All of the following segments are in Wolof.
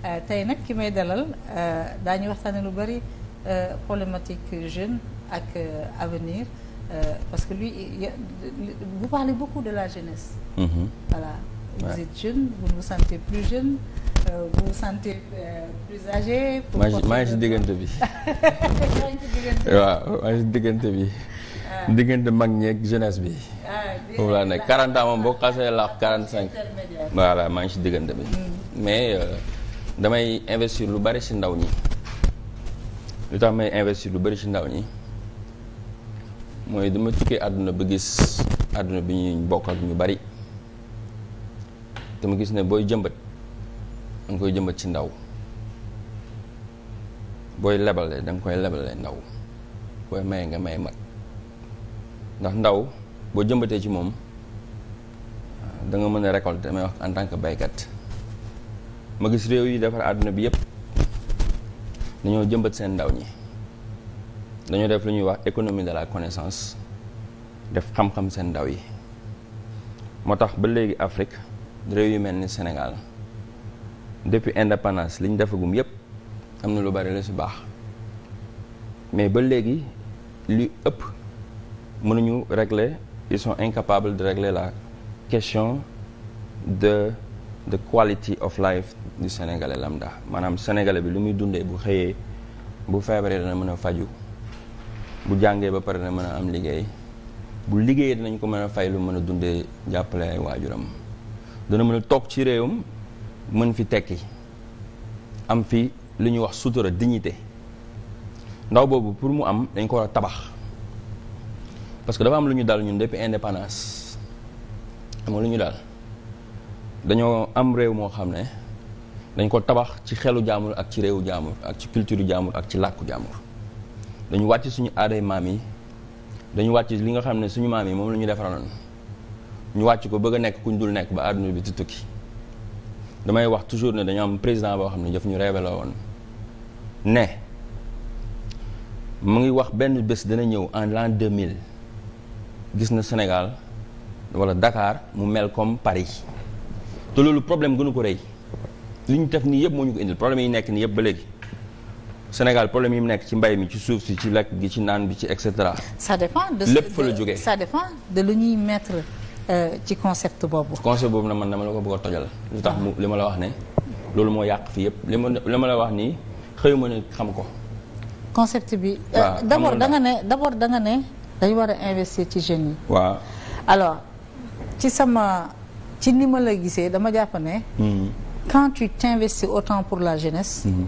Euh, tey nag ki may dalal euh, daañu waxtaane lu bari euh, problématique jeune ak avenir parce que lui vous de la jeunesse mm-hmm. voilà vous êtes jeune vous vous sentez plus jeune vous vous sentez plus âgé maa ngi si diggante bi waaw maa si diggante bi ah. diggante mag ñeeg jeunesse bi ah, foofu laa nekk quarante ans moom boo xasee laax cinq voilà maa ngi si diggante bi mm. mais damay investir lu bari ci ndaw ñi lu tax may investir lu bari ci ndaw ñi mooy dama tukkee àdduna ba gis àdduna bi ñuy bokk ak ñu bari dama gis ne booy jëmbat danga koy jëmbat ci ndaw booy lebale danga koy lebale ndaw booy maye nga may mag ndax ndaw boo jëmbatee ci moom danga mën a récolter may wax en tant que baykat ma gis réew yi defar àdduna bi yëpp dañoo jëmbat seen ndaw ñi dañoo def lu ñuy wax économie de la connaissance def xam-xam seen ndaw yi moo tax ba léegi Afrique réew yu mel ni Sénégal depuis indépendance li ñu defagum yëpp am na lu bari la si baax mais ba léegi li ëpp mënuñu régler ils sont incapable de régler la question the quality of life du sénégalais lambda maanaam sénégalais bi lu muy dundee bu xëyee bu feebaree dana mën a faju bu jàngee ba pare dana mën a am liggéey bu liggéeyee dinañ ko mën a fay lu mën a dundee jàppale ay waajuram dana mën a toog ci réewam mën fi tekki am fi lu ñuy wax sutura dignité ndaw boobu pour mu am dañ ko war a tabax parce que dafa am lu ñu dal ñun depuis indépendance amoo lu ñu daal dañoo am réew moo xam ne dañ ko tabax ci xelu jaamur ak ci réewu jaamur ak ci culture jaamur ak ci làkku jaamur dañu wàcc suñu aaday maam yi dañu wàcc li nga xam ne suñu maam yi moom la ñu defaroon ñu wàcc ko bëgg a nekk kuñ dul nekk ba àdduna bi di tukki damay wax toujours ne dañu am président boo xam ne daf ñu révélé woon ne mu ngi wax benn bés dana ñëw en de mille gis na Sénégal wala dakaar mu mel comme Paris te loolu problème gënu ko rëy li ñu def nii yëpp moo ñu ko indil problème yi nekk nii yëpp ba léegi Sénégal problème yi mu nekk ci mbay mi ci suuf si ci lakk gi ci naan bi ci et cetera. ça dépend de lépp fa la jógee ça dépend de lu ñuy mettre euh, ci concept boobu. concept boobu na man dama la ko bëgg a tojal. lu tax mu li ma la wax ne. loolu moo yàq fii yëpp li ma li ma la wax nii xëy ma ne xam ko. concept bi. Euh, waaw d'abord ne d'abord da nga ne. dañu war a investir ci jeunes yi. waaw alors ci sama. ci ni ma la gisee dama jàpp ne. Hmm. quand tu t'investis autant pour la jeunesse. Hmm.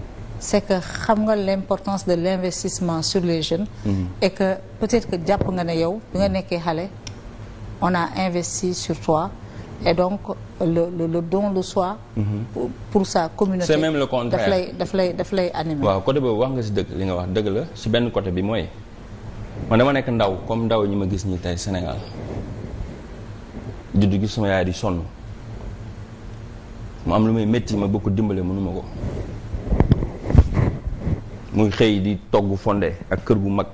c' que xam nga l' importance de l' investissement sur les jeunes. Hmm. et que peut-être que jàpp nga ne yow bi nga nekkee xale. on a investi sur toi et donc le le, le don de soi. pour, pour sa communauté. c' est même daf lay daf lay daf lay waaw côté boobu wax nga si dëgg li nga wax dëgg la si benn côté bi mooy man dama nekk ndaw comme ndaw ñi ma gis ñi tey Sénégal. juddu gi sama yaay di sonn mu am lu may métti ma bëgg ko dimbale mënuma ko muy xëy di togg fonde ak kër gu mag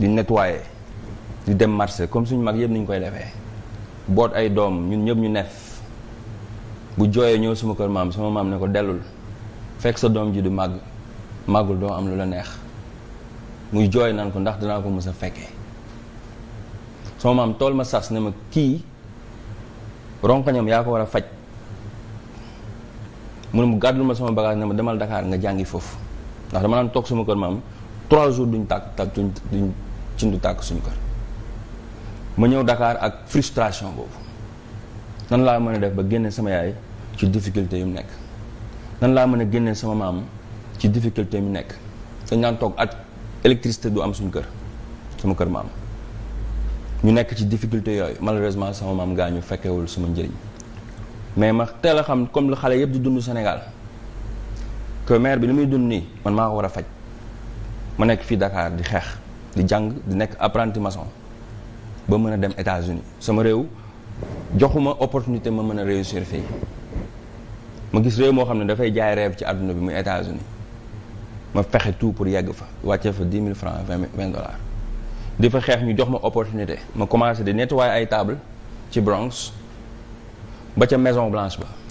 di nettoyer di dem marché comme suñu mag yëpp niñ koy defee boot ay doom ñun ñëpp ñu neef bu jooyee ñëw suma kër maam sama maam ne ko dellul fekk sa doom ji di màgg màggul doo am lu la neex muy jooy naan ko ndax dinaa ko mës a fekke sama maam tool ma sas ne ma kii ronkoñam yaa ko war a faj mu ne mu gàddul ma sama bagage ne ma demal dakaar nga jàngi foofu ndax dama naan toog suma kër maam trois jours duñ tàkk tàkk duñ duñ cindu tàkk suñu kër ma ñëw Dakar ak frustration boobu nan laa mën a def ba génne sama yaay ci difficulté yu mu nekk nan laa mën a génne sama maam ci difficulté mu nekk dañ naan toog at électricité du am suñu kër sama kër maam ñu nekk ci difficulté yooyu malheureusement sama maam gaañu fekkewul suma njëriñ mais ma teel a xam comme lu xale yëpp di dund Sénégal que maire bi li muy dund nii man maa ko war a faj ma nekk fii dakaar di xeex di jàng di nekk apprenti mason ba mën a dem États-Unis sama réew joxuma opportunité ma mën a réussir fii ma gis réew moo xam ne dafay jaay rêve ci àdduna bi muy États-Unis ma fexe tout pour yegg fa wàccee fa dix mille francs vingt vingt dollars di fa xeex ñu jox ma opportunité ma commencé di nettoyer ay table ci Bronx ba ca Maison Blanche ba